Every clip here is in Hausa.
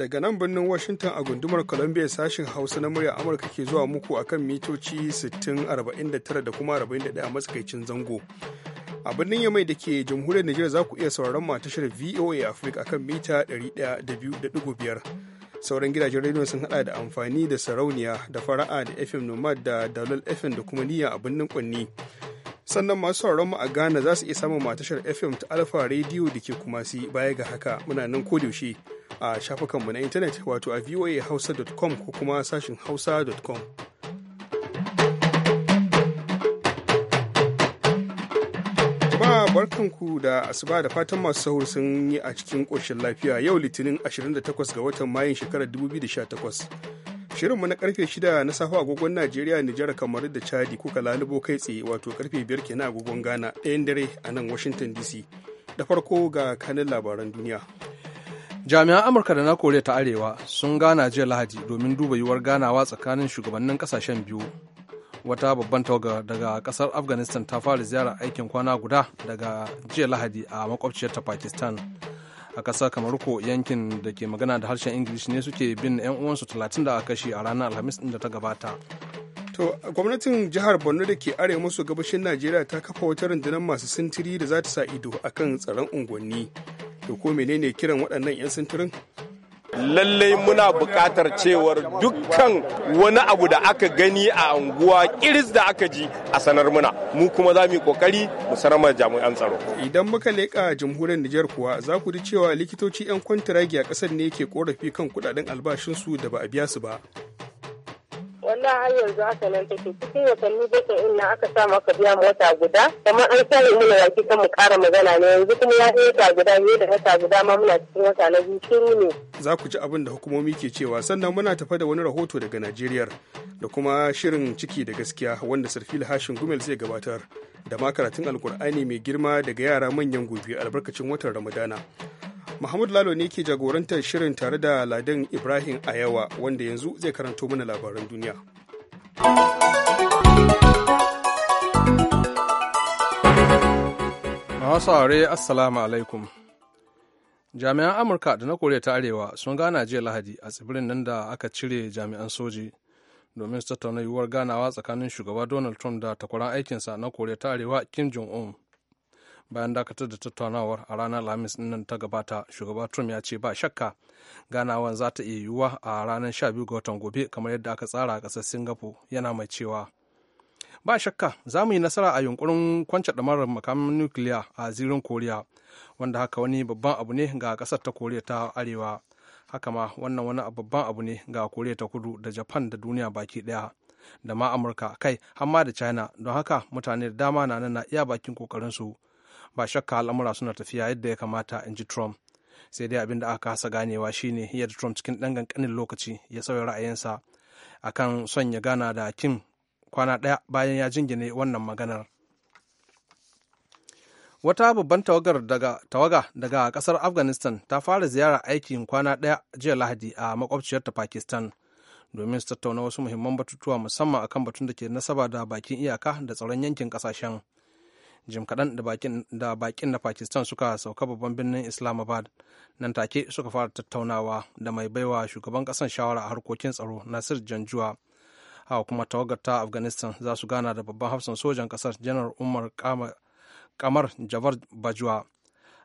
daga nan birnin Washington a gundumar Columbia sashen Hausa na murya Amurka ke zuwa muku akan mitoci 6049 da kuma 41 a matsakaicin zango. A birnin Yamai da ke jamhuriyar Nijar za ku iya sauraron ma tashar VOA Africa akan mita 102.5. Sauran gidajen rediyon sun hada da amfani da sarauniya da fara'a da FM Nomad da Dalol FM da kuma niyya a birnin Kwanni. sannan masu sauran mu a Ghana za su iya samun matashar FM ta Alfa Radio da ke kumasi baya ga haka muna nan yaushe a shafukanmu na intanet wato a voahausa.com ko kuma sashin hausa.com. barkanku da asuba da fatan masu sahur sun yi a cikin ƙoshin lafiya yau litinin 28 ga watan mayun shekarar 2018 Shirinmu na karfe 6 na safe agogon Najeriya, Nijar, kamar da Chadi kuka lalubo kai tsaye wato karfe 5 kenan agogon Ghana ɗayan dare a nan Washington DC. Da farko ga kanin labaran duniya. Jami'an Amurka da na Koriya ta Arewa sun gana jiya Lahadi domin duba yiwuwar ganawa tsakanin shugabannin kasashen biyu. Wata babban tawaga daga kasar Afghanistan ta fara ziyara aikin kwana guda daga jiya Lahadi a makwabciyarta Pakistan. a ƙasa kamar ko yankin da ke magana da harshen ingilishi ne suke bin 'yan uwansu talatin da aka kashe a ranar alhamis da ta gabata To, gwamnatin jihar Borno da ke arewa maso gabashin Najeriya ta kafa wata rundunar masu sintiri da za ta sa ido akan tsaron unguwanni. To, ko menene kiran waɗannan 'yan sintirin? lallai muna buƙatar cewar dukkan wani abu da aka gani a anguwa iris da aka ji a sanar muna mu kuma za mu yi ƙoƙari mu sanar mana jami'an tsaro idan muka leƙa jamhuriyar Nijar kuwa za ku ji cewa likitoci 'yan kwantiragi a ƙasar ne ke ƙorafi kan kuɗaɗen albashinsu da ba a biya su ba wallahi har yanzu aka nan take cikin watanni bakin in na aka sa maka biya mota guda kuma an ni mu yaki kan mu kara magana ne yanzu kuma ya yi wata guda ne da ta guda ma muna cikin wata na biyu ne. Za ku ji abin da hukumomi ke cewa sannan muna tafa da wani rahoto daga Najeriya da kuma shirin ciki da gaskiya wanda Sarfil Hashin Gumel zai gabatar da ma karatun Alkur'ani mai girma daga yara manyan gobe albarkacin watan Ramadana. Mahmud Lalo ne ke jagorantar shirin tare da ladin Ibrahim Ayawa wanda yanzu zai karanto mana labaran duniya. Masu aure Assalamu alaikum. Jami'an Amurka da na Koriya ta Arewa sun gana jiya Lahadi a tsibirin nan da aka cire jami'an soji domin su tattauna yiwuwar ganawa tsakanin shugaba Donald Trump da takwaran aikinsa na Koriya ta Arewa Kim Jong-un. bayan dakatar da tattaunawar a ranar alhamis nan ta gabata shugaba trump ya ce ba shakka ganawar za ta iya yiwuwa a ranar 12 ga watan gobe kamar yadda aka tsara a ƙasar singapore yana mai cewa ba shakka za mu yi nasara a yunkurin kwance ɗamarar makamin nukiliya a zirin koriya wanda haka wani babban abu ne ga kasar ta koriya ta arewa haka ma wannan wani babban abu ne ga koriya ta kudu da japan da duniya baki ɗaya da ma amurka kai hamma da china don haka mutane da dama na nan na iya bakin ƙoƙarinsu. su ba shakka al'amura suna tafiya yadda ya kamata in ji trump sai dai abin da aka kasa ganewa shine yadda trump cikin ɗan ƙanƙanin lokaci ya sauya ra'ayinsa akan son ya gana da kim kwana ɗaya bayan ya jingine wannan maganar wata babban tawaga daga kasar afghanistan ta fara ziyara aikin kwana ɗaya jiya lahadi a makwabciyarta pakistan domin su tattauna wasu muhimman batutuwa musamman akan batun da ke nasaba da bakin iyaka da tsaron yankin kasashen jim kaɗan da bakin na pakistan suka sauka babban birnin islamabad nan take suka fara tattaunawa da mai baiwa shugaban ƙasar shawara a harkokin tsaro nasir janjua a kuma tawagar ta afghanistan za su gana da babban hafsan sojan ƙasar janar umar kamar javar bajwa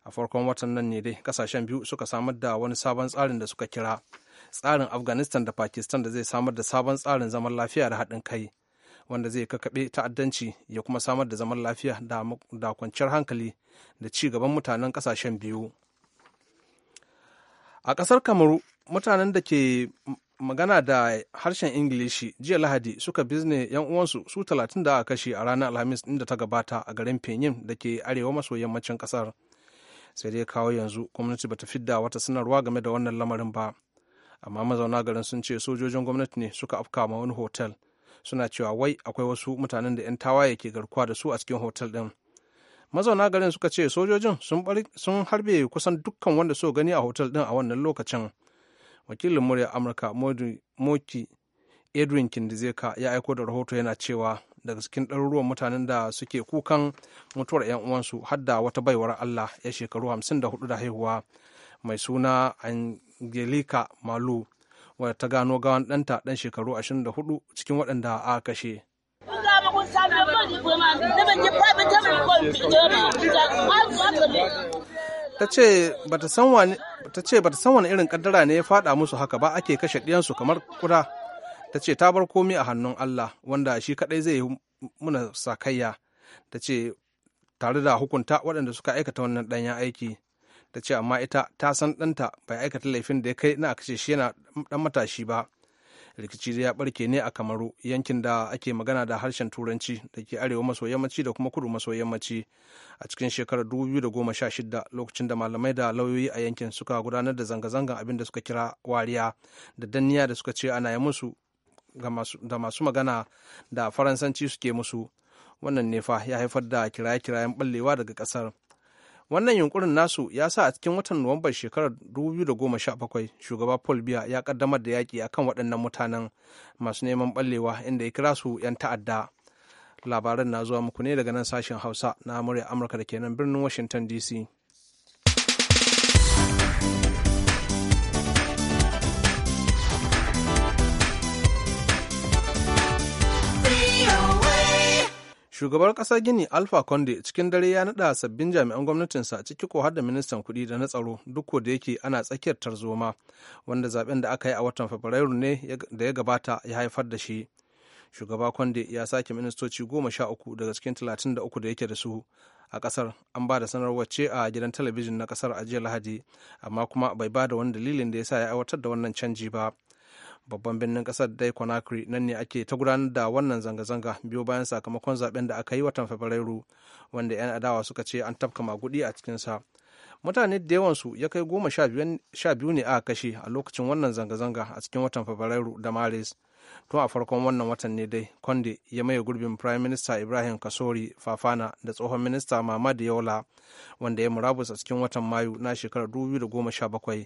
a farkon watan nan ne dai kasashen biyu suka samar da wani sabon tsarin da suka kira tsarin afghanistan da pakistan da zai samar da sabon tsarin zaman lafiya da haɗin kai wanda zai kakaɓe ta'addanci ya kuma samar da zaman lafiya da kwanciyar hankali da ci gaban mutanen kasashen biyu a ƙasar kamaru mutanen da ke magana da harshen ingilishi jiya lahadi suka bizne yan uwansu su talatin da aka kashe a ranar alhamis din da ta gabata a garin penin da ke arewa maso yammacin ƙasar sai dai kawo yanzu gwamnati bata fidda wata sanarwa game da wannan lamarin ba amma mazauna garin sun ce sojojin gwamnati ne suka afka ma wani hotel suna cewa wai akwai wasu mutanen da 'yan tawaye ke garkuwa da su a cikin hotel ɗin mazauna garin suka ce sojojin sun harbe kusan dukkan wanda so gani a hotel ɗin a wannan lokacin wakilin murya amurka moki edwin kindizeka ya aiko da rahoto yana cewa daga cikin ɗaruruwan mutanen da suke kukan mutuwar 'yan uwansu har wata baiwar allah ya shekaru 54 da haihuwa mai suna angelica malu wadda ta gano gawan ɗanta ɗan shekaru 24 cikin waɗanda a kashe. ta ce ba ta san wani irin kaddara ne ya faɗa musu haka ba ake kashe ɗiyansu kamar kuda ta ce ta bar komi a hannun Allah wanda shi kaɗai zai yi muna sakayya ta ce tare da hukunta waɗanda suka aikata wannan ɗanyen aiki ta ce amma ita ta san ɗanta bai aikata laifin da ya kai na kashe shi yana ɗan matashi ba rikici ya barke ne a kamaru yankin da ake magana da harshen turanci da ke arewa maso yammaci da kuma kudu maso yammaci a cikin shekarar 2016 lokacin da malamai da lauyoyi a yankin suka gudanar da zanga-zangan abin da suka kira wariya da danniya da suka ce ana yi musu da masu magana da faransanci suke musu wannan nefa ya haifar da kiraye-kirayen ballewa daga kasar wannan yunkurin nasu ya sa a cikin watan nuwambar shekarar 2017 shugaba paul biya ya kaddamar da yaƙi akan waɗannan mutanen masu neman ɓallewa inda ya kira su 'yan ta'adda labaran na zuwa muku ne daga nan sashen hausa na murya amurka da kenan birnin washington dc shugabar ƙasar gini alfa conde cikin dare ya naɗa sabbin jami'an gwamnatinsa ciki ko har da ministan kuɗi da na tsaro duk da yake ana tsakiyar tarzoma wanda zaben da aka yi a watan fabrairu ne da ya gabata ya haifar da shi shugaba conde ya sake ministoci goma sha uku daga cikin talatin da uku da yake da su a ƙasar an ba da sanarwar ce a gidan talabijin na ƙasar a jiya lahadi amma kuma bai ba da wani dalilin da ya sa ya aiwatar da wannan canji ba babban birnin kasar dai conakry nan ne ake ta gudanar da wannan zanga-zanga biyo bayan sakamakon zaben da aka yi watan fabrairu wanda 'yan adawa suka ce an tafka magudi a cikinsa mutane da yawansu ya kai goma sha biyu ne aka kashe a lokacin wannan zanga-zanga a cikin watan fabrairu da maris tun a farkon wannan watan ne dai konde ya maye gurbin prime minister ibrahim kasori fafana da tsohon minista mamadu yola wanda ya murabus a cikin watan mayu na shekarar bakwai.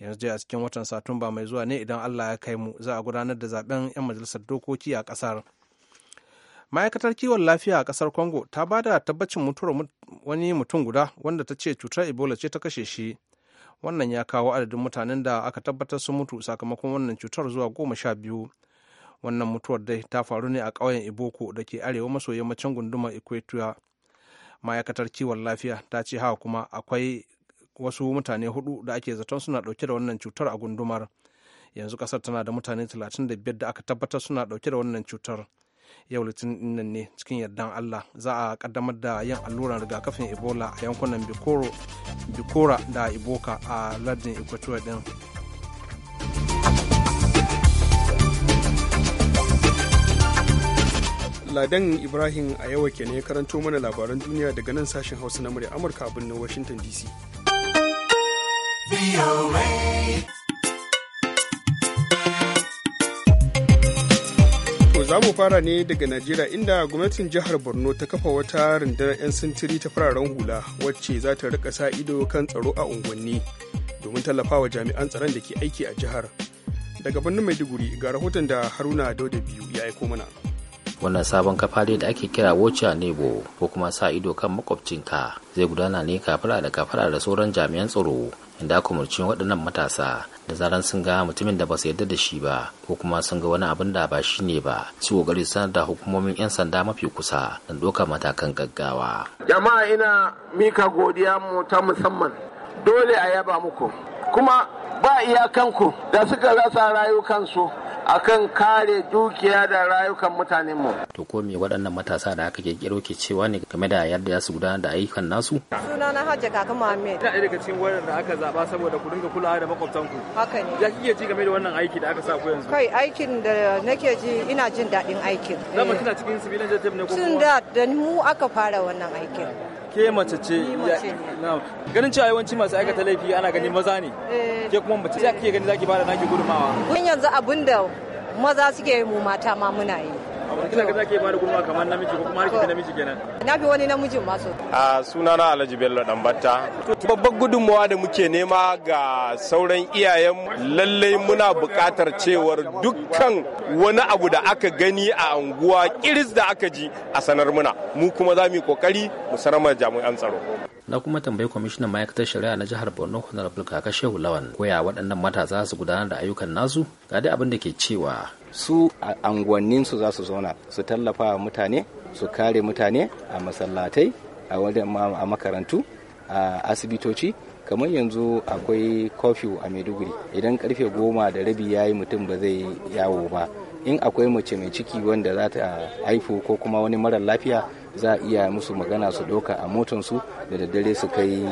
yanzu a cikin watan satumba mai zuwa ne idan allah ya kai mu za a gudanar da zaben 'yan majalisar dokoki a kasar ma'aikatar kiwon lafiya a kasar congo ta ba da tabbacin mutuwar wani mutum guda wanda ta ce cutar ebola ce ta kashe shi wannan ya kawo adadin mutanen da aka tabbatar su mutu sakamakon wannan cutar zuwa goma sha biyu wannan mutuwar dai ta faru ne a ƙauyen iboko da ke arewa maso yammacin gunduma equator ma'aikatar kiwon lafiya ta ce haka kuma akwai wasu mutane hudu da ake zaton suna dauke da wannan cutar a gundumar yanzu kasar tana da mutane 35 da aka tabbatar suna dauke da wannan cutar yau litinin nan ne cikin yardan allah za a kaddamar da yin alluran rigakafin ebola a yankunan bikora da iboka a lardin equatorial din ladan ibrahim a yawa ke ne karanto mana labaran duniya daga nan sashen hausa na murya amurka a birnin washington dc za mu fara ne daga najeriya inda gwamnatin jihar borno ta kafa wata rundunar 'yan sintiri ta fararen hula wacce za ta rika sa ido kan tsaro a unguwanni domin tallafawa jami'an tsaron da ke aiki a jihar daga birnin maiduguri ga rahoton da haruna dauda biyu ya aiko mana wannan sabon kafa da ake kira wocha nebo ko kuma sa ido kan makwabcinka zai gudana ne kafara da kafara da sauran jami'an tsaro inda aka umarci waɗannan matasa da zaran sun ga mutumin da ba su yarda da shi ba ko kuma sun ga wani abin da ba shi ne ba su kokari sanar da hukumomin 'yan sanda mafi kusa don doka matakan gaggawa. jama'a ina mika godiya mu ta musamman dole a yaba muku kuma ba iyakanku da suka rasa rayukansu akan kare dukiya da rayukan mutanen mu. To ko me waɗannan matasa da aka kirkiro ke cewa ne game da yadda za su gudanar da ayyukan nasu? Suna na Hajja Kaka Muhammad. Ina daga cikin waɗanda aka zaɓa saboda ku dinga kulawa da makwabtanku. Haka ne. Ya kike ji game da wannan aiki da aka sa ku yanzu? Kai aikin da nake ji ina jin daɗin aikin. Zama eh. kina cikin civilian ne ko kuma? Tun da mu aka fara wannan aikin. ke mace ce ganin cewa yawanci masu aikata laifi ana gani maza ne eh. ke kuma mace ce ake gani zaki bada naki gudumawa kun yanzu abin da maza suke yi mu mata ma muna yi kina ga zake ba da gudunmawa kamar namiji ko kuma harkin namiji kenan na bi wani namijin masu a suna Alhaji Bello Dambatta babbar gudunmawa da muke nema ga sauran iyayen lallai muna buƙatar cewar dukkan wani abu da aka gani a anguwa kiris da aka ji a sanar muna mu kuma za mu yi kokari mu sanar jami'an tsaro na kuma tambayi kwamishinan ma'aikatar shari'a na jihar borno honorable kaka shehu lawan koya waɗannan matasa su gudanar da ayyukan nasu ga dai abin da ke cewa su a anguwannin su za su zauna su tallafa wa mutane su kare mutane a masallatai a makarantu a asibitoci kamar yanzu akwai kofi a maiduguri idan karfe goma da rabi ya yi mutum ba zai yawo ba in akwai mace mai ciki wanda za ta haifu ko kuma wani mara lafiya za a iya musu magana su ɗauka a motansu da daddare su kai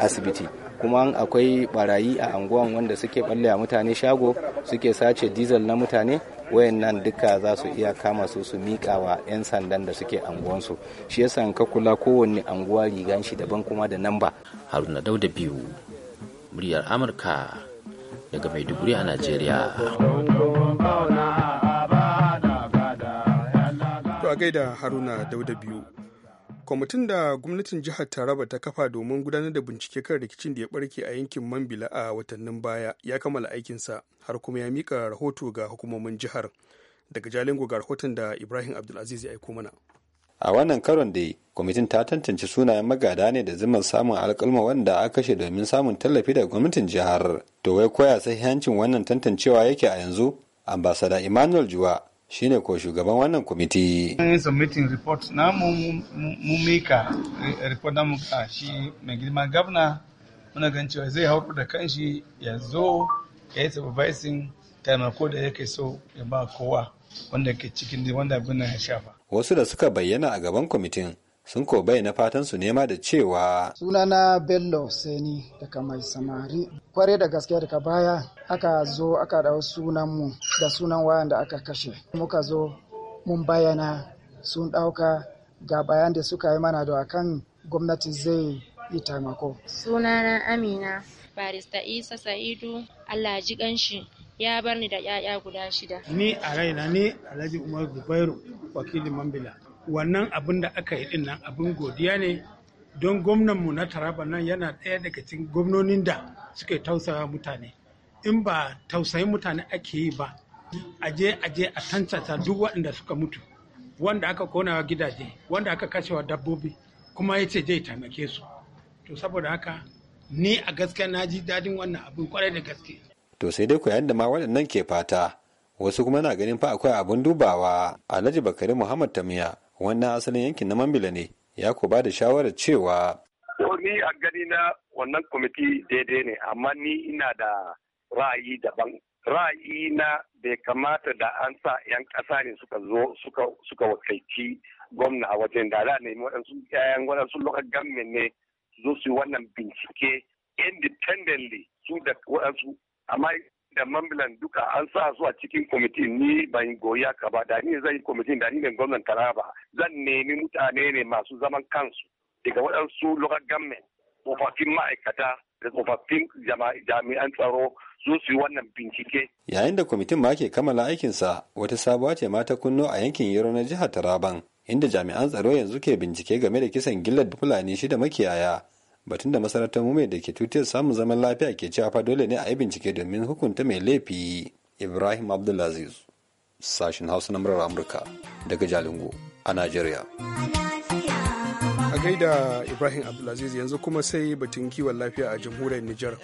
asibiti kuma akwai barayi a anguwan wanda suke balle a mutane shago suke sace dizal na mutane wayannan duka za su iya kama su su mika wa 'yan sandan da suke anguwansu shi yasa ka kula kowanne anguwa rigan shi daban kuma da namba haruna da biyu muryar amurka daga maiduguri a najeriya a gaida Haruna Dauda biyu. Kwamitin da gwamnatin jihar Taraba ta kafa domin gudanar da bincike kan rikicin da ya barke a yankin Mambila a watannin baya ya kammala aikinsa har kuma ya mika rahoto ga hukumomin jihar. Daga Jalingo ga rahoton da Ibrahim Abdulaziz ya aiko mana. A wannan karon dai, kwamitin ta tantance sunayen magada ne da zimar samun alkalma wanda a kashe domin samun tallafi da gwamnatin jihar. To wai koya sahihancin wannan tantancewa yake a yanzu? Ambasada Emmanuel Juwa shine ko shugaban wannan kwamiti. An yi submitting report na mu mika eh, report na muka shi mai girma gabna muna gan cewa zai hau da kanshi ya zo ya yi supervising taimako da yake so ya ba kowa wanda ke cikin wanda abin ya shafa. Wasu da suka bayyana a gaban kwamitin sun ko na fatan su nema da cewa sunana bello seni daga mai samari kware da gaske daga baya aka zo aka dawo sunan mu da sunan wayan da aka kashe muka zo mun bayyana sun dauka ga bayan da suka yi mana da akan gwamnati zai yi taimako sunana amina barista isa sa'idu allah ji ganshi ya bar ni da 'ya'ya guda shida ni a raina ni alhaji umar zubairu wakilin mambila wannan abin da aka yi din nan abin godiya ne don gwamnanmu na taraba nan yana ɗaya daga cikin gwamnonin da suke tausaya mutane in ba tausayin mutane ake yi ba aje aje a tantata duk waɗanda suka mutu wanda aka konawa gidaje wanda aka kashewa dabbobi kuma ya ce zai taimake su to saboda haka ni a gaskiya na ji daɗin wannan abin kwarai da gaske to sai dai ku yayin da ma waɗannan ke fata wasu kuma na ganin fa akwai abin dubawa alhaji bakari muhammad tamiya wannan asalin yankin na mambila ne ya ko ba da shawarar cewa to ni a gani na wannan kwamiti daidai ne amma ni ina da ra'ayi daban ra'ayi na bai kamata da an sa 'yan ƙasa ne suka zo suka wakilci gwamna a wajen da ne waɗansu 'ya'yan waɗansu lokacin gamin ne zo su wannan bincike independently su da waɗansu amma da mambilan duka an sa su a cikin kwamitin ni ban goya ka ba da ni zai kwamitin da ni ne gwamnan taraba zan nemi mutane ne masu zaman kansu daga waɗansu local government tsofaffin ma'aikata da tsofaffin jami'an tsaro su su yi wannan bincike. Yayin da kwamitin ma ke kammala aikinsa wata sabuwa ce mata ta kunno a yankin Yero na jihar Taraban inda jami'an tsaro yanzu ke bincike game da kisan gillar Fulani shida makiyaya batun da masarautar mume da ke tutiyar samun zaman lafiya ke cewa fa dole ne a yi bincike domin hukunta mai laifi. Ibrahim Abdulaziz, sashen Hausa na murar Amurka daga Jalingo. a Najeriya. A gaida Ibrahim Abdulaziz yanzu kuma sai batun kiwon lafiya a jamhuriyar Nijar.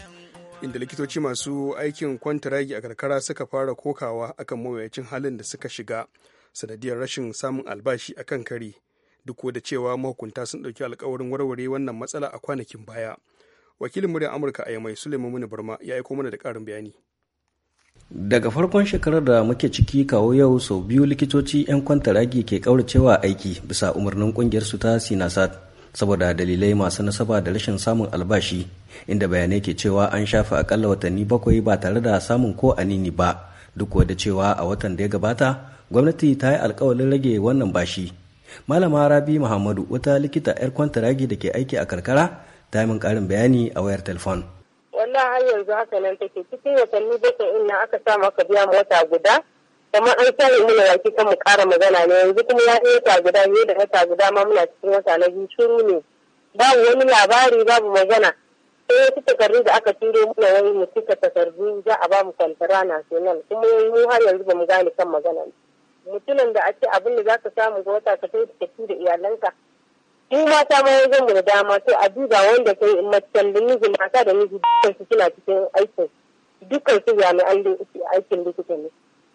Inda likitoci masu aikin kwanta ragi a karkara suka fara kokawa akan mawuyacin halin da suka shiga sanadiyar rashin samun albashi a kan kari duk da cewa mahukunta sun ɗauki alkawarin warware wannan matsala a kwanakin baya. Wakilin muryar Amurka a Yamai Suleiman Muni Barma ya aiko mana da ƙarin bayani. Daga farkon shekarar da muke ciki kawo yau sau biyu likitoci 'yan kwantaragi ke kauracewa aiki bisa umarnin kungiyar su ta Sinasat saboda dalilai masu nasaba da rashin samun albashi inda bayanai ke cewa an shafe akalla watanni bakwai ba tare da samun ko anini ba duk da cewa a watan da ya gabata gwamnati ta yi alkawalin rage wannan bashi malama rabi muhammadu wata likita 'yar kwantaragi da ke aiki a karkara ta yi min karin bayani a wayar telefon wannan har yanzu haka nan take cikin watanni bakwai in na aka sa maka biya mota guda Kuma an sa ni na yaki kan mu ƙara magana ne yanzu kuma ya yi wata guda ne da wata guda ma muna cikin wata na biyu shiru ne babu wani labari babu magana sai wasu takardu da aka turo muna wani mu cika takardu za a ba mu kwantara sunan, kuma mu har yanzu ba mu gane kan magana mutumin da ake abin da za ka samu ga wata ka tafi da iyalanka mu mata bayan zan mu da dama to a duba wanda kai in macen da miji mata da miji dukkan su suna cikin aikin dukkan su jami'an da aikin likita ne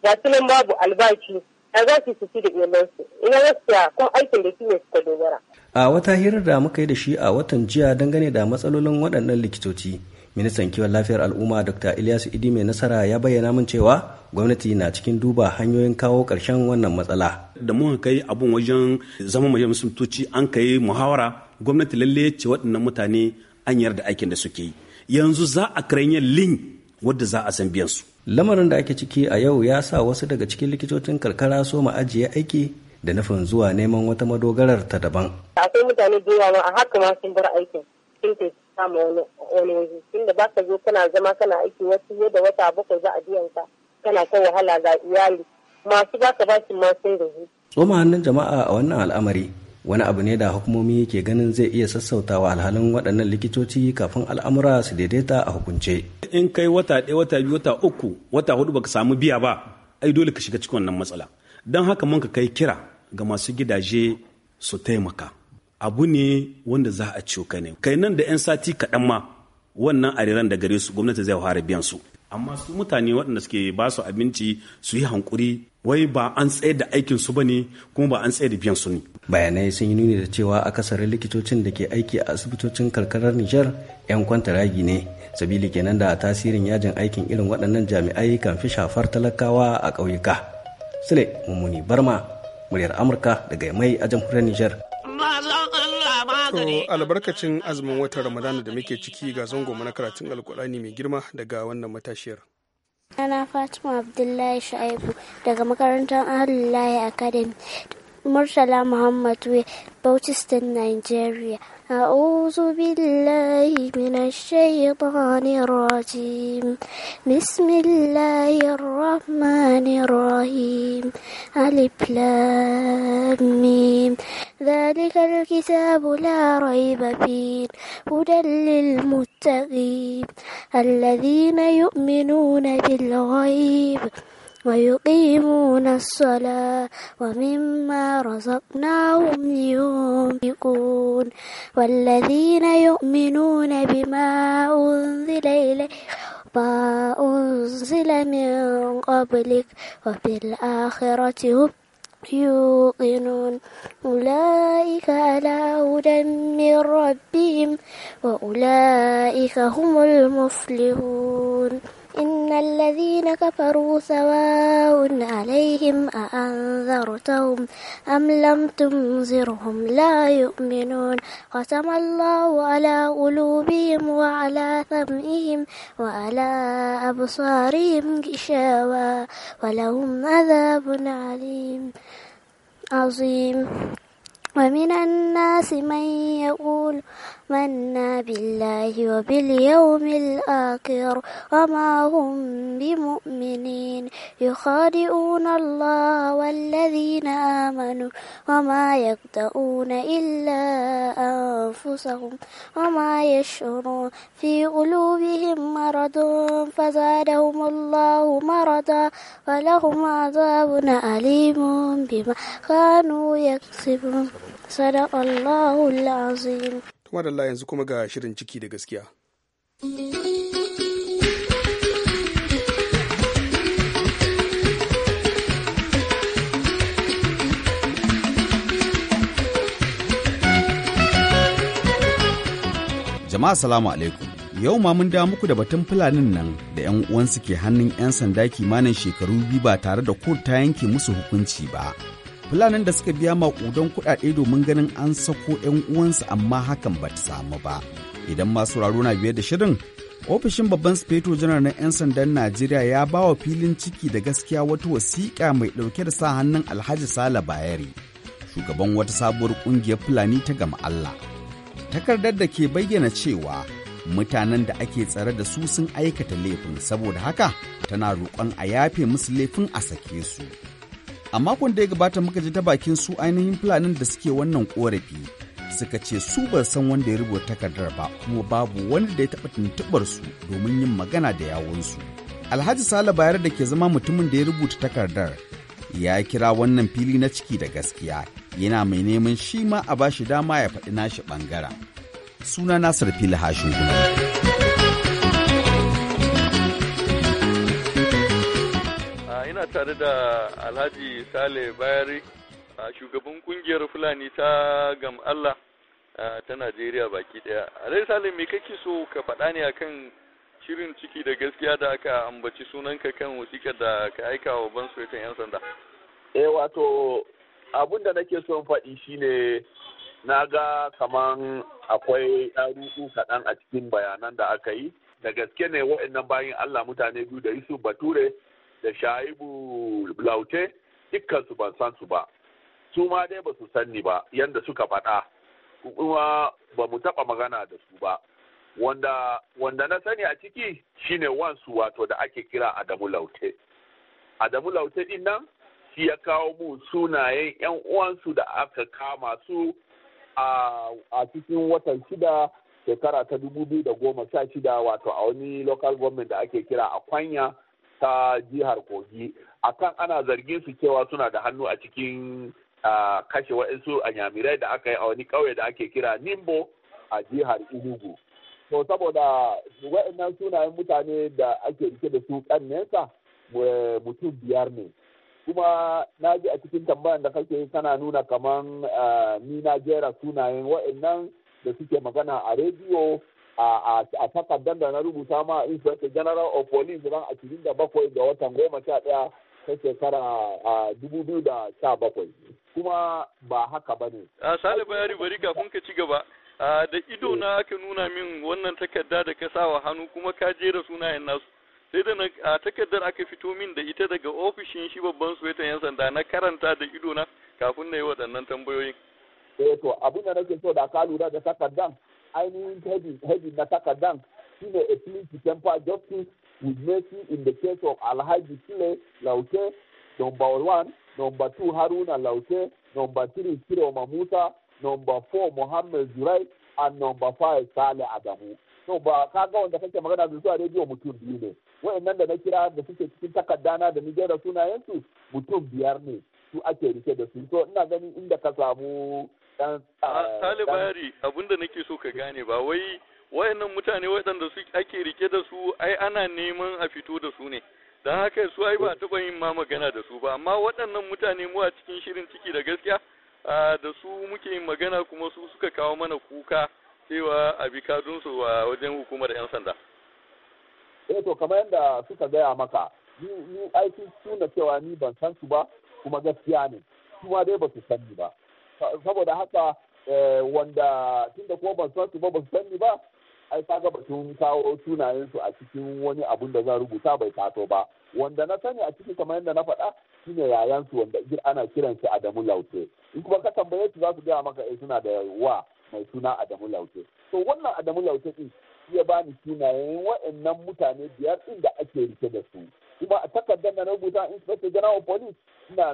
ga su babu albashi a za su ci da iyalansu ina gaskiya kuma aikin da shine suka dogara. a wata hirar da muka yi da shi a watan jiya dangane da matsalolin waɗannan likitoci ministan kiwon lafiyar al'umma dr ilyasu idi mai nasara ya bayyana min cewa gwamnati na cikin duba hanyoyin kawo karshen wannan matsala da muka kai abun wajen zama mai musulunci an kai muhawara gwamnati lalle ce waɗannan mutane an yarda aikin da suke yi yanzu za a kiranyar lin wadda za a san biyan su lamarin da ake ciki a yau ya sa wasu daga cikin likitocin karkara so mu ajiye aiki da nufin zuwa neman wata madogarar ta daban akwai mutane da yawa a haka ma sun bar aikin kama wani wani tunda ba ka zo kana zama kana aiki wasu da wata bakwai za a biyan ka kana kai wahala ga iyali masu baka bashi ma sun gaji. tsoma hannun jama'a a wannan al'amari wani abu ne da hukumomi ke ganin zai iya sassautawa alhalin waɗannan likitoci kafin al'amura su daidaita a hukunce. in kai wata ɗaya wata biyu wata uku wata hudu baka samu biya ba ai dole ka shiga cikin wannan matsala don haka mun ka kai kira ga masu gidaje su taimaka abu ne wanda za a ciyo ka ne kai nan da 'yan sati kaɗan ma wannan ariran da gare su gwamnati zai fara biyan su amma su mutane waɗanda suke ba su abinci su yi hankuri wai ba an tsaye da aikin su ne kuma ba an tsaye da biyan su ne bayanai sun yi nuni da cewa akasarin likitocin da ke aiki a asibitocin karkarar Nijar yan kwanta ragi ne sabili kenan da tasirin yajin aikin irin waɗannan jami'ai kan fi shafar talakawa a ƙauyuka sule mummuni barma muryar amurka daga mai a jamhuriyar Nijar To albarkacin azumin watan Ramadana da muke ciki ga zango na karatun alkur'ani mai girma daga wannan matashiyar. Ana Fatima Abdullahi Shu'aibu daga makarantar Ahlullahi Academy مرسل محمد with نيجيريا أعوذ بالله من الشيطان الرجيم بسم الله الرحمن الرحيم ألف لام ذلك الكتاب لا ريب فيه هدى للمتقين الذين يؤمنون بالغيب ويقيمون الصلاة ومما رزقناهم ينفقون والذين يؤمنون بما أنزل إليك ما أنزل من قبلك وبالآخرة هم يوقنون أولئك على هدى من ربهم وأولئك هم المفلحون إن الذين كفروا سواء عليهم أأنذرتهم أم لم تنذرهم لا يؤمنون ختم الله على قلوبهم وعلى سمعهم وعلى أبصارهم غشاوة ولهم عذاب عليم عظيم ومن الناس من يقول آمنا بالله وباليوم الآخر وما هم بمؤمنين يخادعون الله والذين آمنوا وما يخدعون إلا أنفسهم وما يشعرون في قلوبهم مرض فزادهم الله مرضا ولهم عذاب أليم بما كانوا يكسبون صدق الله العظيم Tuma da yanzu kuma ga shirin ciki da gaskiya. Jama'a salamu alaikum. Yau ma mun da muku da batun fulanin nan da 'yan uwansu ke hannun 'yan sanda kimanin shekaru biyu ba tare da ko ta yanke musu hukunci ba. fulanin da suka biya maƙudan kuɗaɗe domin ganin an sako 'yan uwansu amma hakan ba ta samu ba idan masu sauraro na biyar da shirin ofishin babban sufeto janar na 'yan sandan najeriya ya ba wa filin ciki da gaskiya wata wasiƙa mai ɗauke da sa hannun alhaji sala bayari shugaban wata sabuwar ƙungiyar fulani ta gama allah takardar da ke bayyana cewa mutanen da ake tsare da su sun aikata laifin saboda haka tana roƙon a yafe musu laifin a sake su a makon da ya gabata muka ji ta bakin su ainihin fulanin da suke wannan korafi suka ce su ba san wanda ya rubuta takardar ba kuma babu wanda da ya taɓa tuntuɓar su domin yin magana da yawunsu alhaji sale bayar da ke zama mutumin da ya rubuta takardar ya kira wannan fili na ciki da gaskiya yana mai neman shi ma a bashi dama ya faɗi nashi ɓangaren suna nasir fili hashin gudu tare da Alhaji Sale Bayari, shugaban kungiyar Fulani ta Gam Allah ta Najeriya baki ɗaya. Alhaji Sale me kake so ka faɗa ne akan shirin ciki da gaskiya da aka ambaci sunanka kan wasiƙar da ka aika wa ban 'yan sanda? Eh wato abun da nake son faɗi shine na ga kaman akwai ɗaruɗu kaɗan a cikin bayanan da aka yi da gaske ne wa'annan bayan Allah mutane biyu da Yusuf Bature da shaibu laute dukkansu ban san su ba su ma dai ba su sanni ba yadda suka faɗa kuma ba mu taɓa magana da su ba wanda wanda na sani a ciki shine wansu wato da ake kira adamu laute adamu laute din nan shi ya kawo mu sunayen yan uwansu da aka kama su a cikin watan shida shekara ta dubu biyu da goma sha shida wato a wani local government da ake kira a kwanya ta jihar kogi akan ana zargin su cewa suna da hannu a cikin kashe waɗansu a nyamirai da aka yi a wani ƙauye da ake kira nimbo a jihar inugu to saboda waɗannan sunayen mutane da ake rike da su nesa mutum biyar ne kuma na ji a cikin tambayan da kake kana nuna kaman ni na jera sunayen waɗannan da suke magana a rediyo a takardar da na rubuta ma inspector general of police ran ashirin da bakwai ga watan goma sha daya ta shekara a dubu biyu da sha bakwai kuma ba haka ba ne. a sale bayani bari kafin ka ci gaba da ido na eh. aka nuna min wannan takarda da ka sa wa hannu kuma ka jera sunayen nasu sai da a takardar aka fito min da ita daga ofishin shi babban suwetan yan sanda na karanta da ido na kafin na yi waɗannan tambayoyin. eh to abin da nake so da ka lura da takardan I ainihin heading, heading Nataka Dang, you know, a plea to temporal justice with mercy in the case of Alhaji Sile Laute, number one, number two, Haruna Laute, number three, Siro Mamusa, number four, Mohammed Zurai, and number five, Saleh Adamu. So ba ka ga wanda kake magana da su a rediyo mutum biyu ne. Wayannan da na kira da suke cikin takardana da ni da sunayensu mutum biyar ne su ake rike da su. So ina ganin inda ka samu talibari eh, abinda nake so ka gane ba wai wayannan mutane waɗanda su ake rike da su ai ana neman a fito da su ne don haka su ai ba taɓa yin ma magana da su ba amma waɗannan mutane mu a cikin shirin ciki da gaskiya da su muke yin magana kuma su suka kawo mana kuka cewa a bi kadunsu a wajen hukumar 'yan sanda. Eh to kamar yadda suka gaya maka ni aiki suna cewa ni ban san su ba kuma gaskiya ne kuma dai ba su sani ba. saboda haka eh, wanda tunda kuma ban san su ba ban sani ba ai kaga batun kawo sunayen su a cikin wani abun da zan rubuta bai tato ba wanda na sani a cikin kamar yadda na faɗa shine yayan su wanda ana kiran shi Adamu lauce. in kuma ka tambaye su za su gaya maka eh suna da wa mai suna Adamu lauce. to wannan Adamu lauce din ya bani sunayen wa'annan mutane biyar din da ake rike da su kuma a takardar da na rubuta inspector general of police ina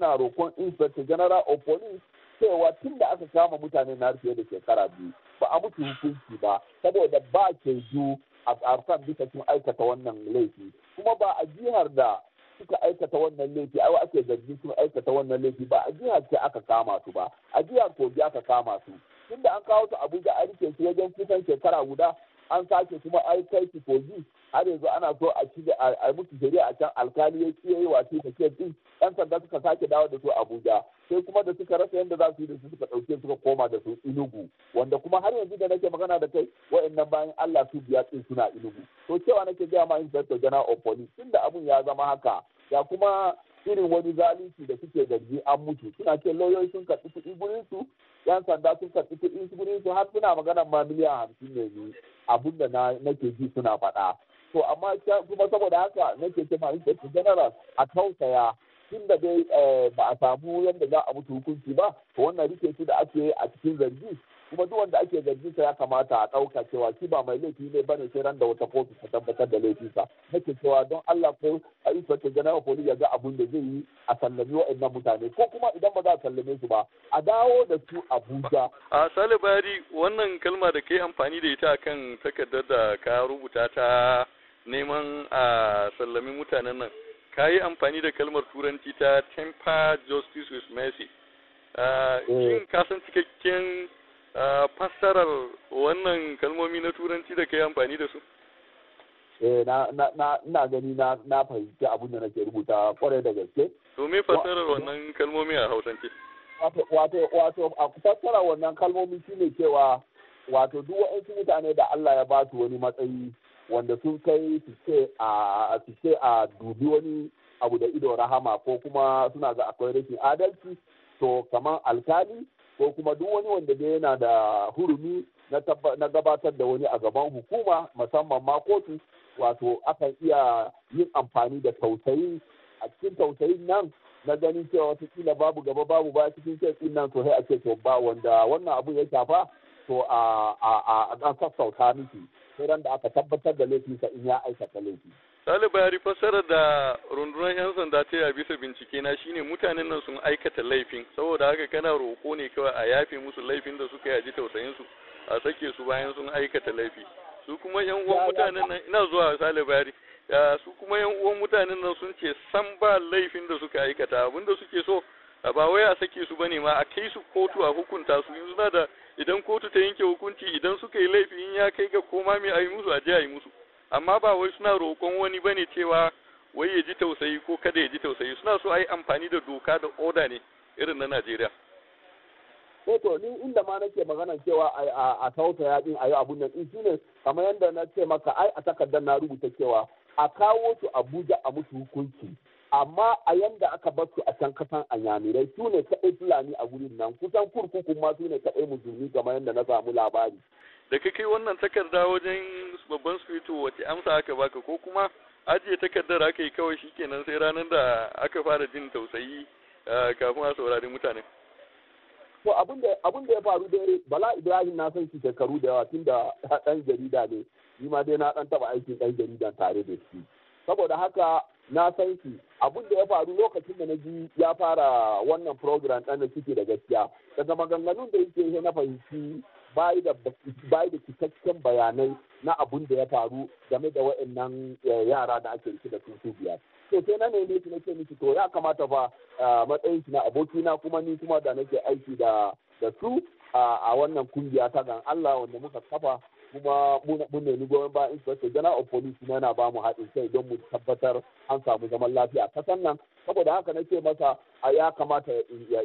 na roƙon inspector general of police cewa tun da aka kama mutane na rufe da shekara biyu ba a mutu hukunci ba saboda ba ke ju a kan bisa sun aikata wannan laifi kuma ba a jihar da suka aikata wannan laifi ai ake zargin sun aikata wannan laifi ba a jihar ce aka kama su ba a jihar kogi aka kama su tunda an kawo su abuja a rike su wajen kusan shekara guda an sake kuma ai kai ki kogi har yanzu ana so a ci a mutu shari'a a can alkali ya kiyaye yi wasu ta ke din yan sanda suka sake dawo da su abuja sai kuma da suka rasa yadda za su yi da su suka ɗauke suka koma da su inugu wanda kuma har yanzu da nake magana da kai wa'annan bayan allah su biya din suna inugu to cewa nake gaya ma inspector general of police tunda abun ya zama haka ya kuma irin wani zalunci da suke zargi an mutu suna ce lauyoyi sun karɓi kuɗi gurin su yan sanda sun karɓi kuɗi su gurin su har suna magana ma miliyan hamsin ne ni abin da nake ji suna faɗa to amma kuma saboda haka nake ce ma inspector general a tausaya tun da dai eh, ba a samu yadda za a mutu hukunci ba to wannan rike su da ake a cikin zargi kuma duk wanda ake zarginsa ya kamata a ɗauka cewa shi ba mai laifi ne bane sai ran da wata kotu ta tabbatar da laifinsa nake cewa don Allah ko a yi general police ya ga abin da zai yi a sallami wa'annan mutane ko kuma idan ba za a sallame su ba a dawo da su Abuja. A bari wannan kalma da ka yi amfani da ita akan takardar da ka rubuta ta neman a sallami mutanen nan ka yi amfani da kalmar turanci ta tempa justice with mercy. Eh. shin cikakken fassarar wannan kalmomi na turanci da ka yi amfani da su? Eh, na gani na fahimci abin da nake rubuta kwarai da gaske. To me fassarar wannan kalmomi a hausance? Wato, wato, a fassara wannan kalmomi shine cewa wato duk waɗansu mutane da Allah ya ba su wani matsayi wanda sun kai su ce a su ce a dubi wani abu da ido rahama ko kuma suna ga akwai rashin adalci to kamar alkali ko kuma duk wani wanda dai yana da hurumi na gabatar da wani a gaban hukuma musamman ma kotu wato akan iya yin amfani da tausayi a cikin tausayin nan na ganin cewa kila babu gaba babu ba cikin kekin nan to sai a ce to ba wanda wannan abu ya shafa to a a a dan sassauta miki sai da aka tabbatar da laifinsa in ya aikata laifi Sale Bayari fassara da rundunar 'yan sanda ta yi bisa bincike na shine mutanen nan sun aikata laifin saboda haka kana roƙo ne kawai a yafe musu laifin da suka yi a ji tausayin su a sake su bayan sun aikata laifi su kuma yan uwan mutanen nan ina zuwa Sale Bayari su kuma yan uwan mutanen nan sun ce san ba laifin da suka aikata abinda suke so ba wai a sake su bane ma a kai su kotu a hukunta su yanzu da idan kotu ta yanke hukunci idan suka yi laifi in ya kai ga koma mai yi musu a je yi musu amma ba wai suna roƙon wani ne cewa wai ya ji tausayi ko kada ya ji tausayi suna so a yi amfani da doka da oda ne irin na Najeriya. Eh to ni inda ma nake magana cewa a sauta ya a yi abun nan in shine kamar yadda na ce maka ai a takardar na rubuta cewa a kawo su Abuja a musu hukunci amma a yanda aka bar su a can kasan anyamirai su ne kaɗai fulani a gurin nan kusan kurkukun ma su ne kaɗai musulmi kamar yadda na samu labari da ka kai wannan takarda wajen babban sufito wace amsa aka baka ko kuma ajiye takardar aka yi kawai shikenan sai ranar da aka fara jin tausayi eh, kafin a saurari mutane. To abin da ya faru da Bala Ibrahim na san shi shekaru da yawa tun da ɗan jarida ne, ni ma dai na dan taba aikin ɗan jarida tare da shi. Saboda haka na san shi abin da ya faru lokacin da na ji ya fara wannan program dan da suke da gaskiya. Daga maganganun da yake na fahimci bayi da cikakken bayanai na abun da ya faru game da waɗannan eh, yara da ake rike da su su biyar to sai na nemi shi nake miki to ya kamata ba matsayin shi na abokina kuma ni kuma da nake aiki da da su a wannan kungiya ta dan Allah wanda muka kafa kuma mun nemi goyon bayan inspector general of police kuma yana ba mu haɗin kai don mu tabbatar an samu zaman lafiya kasan nan saboda haka na ce masa a ya kamata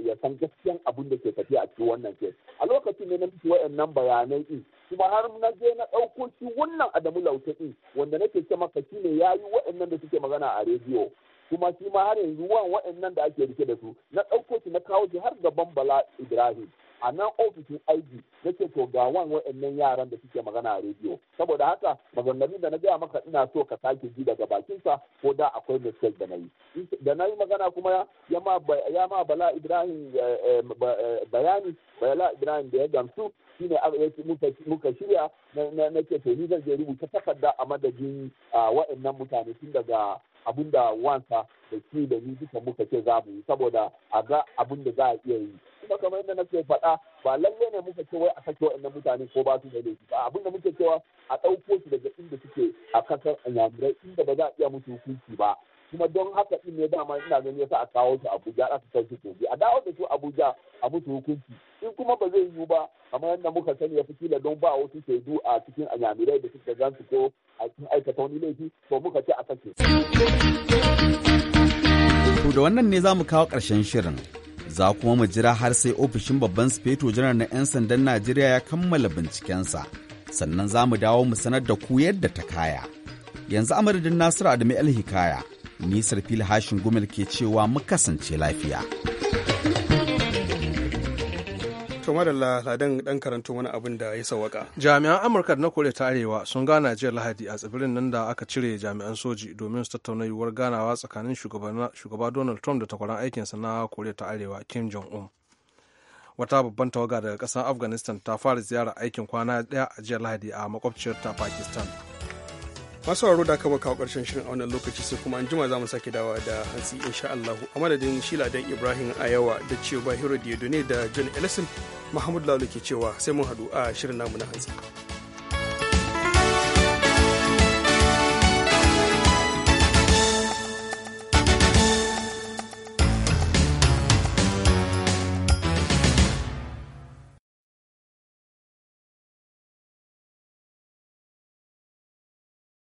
ya san gaskiyan abin da ke tafiya a cikin wannan ke a lokacin ne na miki waɗannan bayanai din kuma har na je na ɗauko shi wannan adamu laute din wanda nake ce maka ya yi waɗannan da suke magana a rediyo kuma shi ma har yanzu wan da ake rike da su na ɗauko shi na kawo shi har gaban bala ibrahim a nan ofishin aiki nake to ga wan wa'annan yaran da suke magana a rediyo saboda haka maganganun da na gaya maka ina so ka sake ji daga bakinsa ko da akwai mistake da na yi da na magana kuma ya ma bala ibrahim eh, eh, eh, bayani bala ibrahim da ya gamsu shine muka shirya na ke to ni zan je rubuta takarda a madadin ah, wa'annan mutane tun daga abinda da wansa da shi da ni duka muka ce za mu yi saboda a ga abin da za a iya yi kuma kamar yadda nake faɗa ba lalle ne muka ce wai a sake waɗannan mutane ko ba su da laifi ba abin da muke cewa a ɗauko su daga inda suke a kasar anyamurai inda ba za a iya musu hukunci ba kuma don haka din ne dama ina gani yasa a kawo su Abuja za su kai su gobe a dawo da su Abuja a musu hukunci in kuma ba zai yiwu ba kamar yadda muka sani ya fi don ba wasu shaidu a cikin anyamurai da suka su ko a cikin aikata wani laifi to muka ce a sake. To da wannan ne za mu kawo ƙarshen shirin Za kuma mu jira har sai ofishin babban speto janar na 'yan sandan Najeriya ya kammala bincikensa. Sannan za mu dawo mu sanar da ku yadda ta kaya. Yanzu amadadin Nasiru Adamu El Hikaya, nisar fil hashin gumel ke cewa mu kasance lafiya. to da ladan dan karanto wani abin da ya sawaka jami'an amurka da na koriya ta arewa sun gana jiya lahadi a tsibirin nan da aka cire jami'an soji domin su tattauna yiwuwar ganawa tsakanin shugaba donald trump da takwaran aikinsa na koriya ta arewa kim jong un wata babban tawaga daga kasar afghanistan ta fara ziyara aikin kwana daya a jiya lahadi a makwabciyar ta pakistan masu sauraro da aka kawo karshen shirin a wannan lokaci sai kuma an jima za mu sake dawa da hantsi insha Allahu a madadin Shila dan Ibrahim Ayawa da Cewa Hero Diodone da John Ellison Muhammadu Lalu ke cewa sai mun haɗu a shirin namu na hantsi.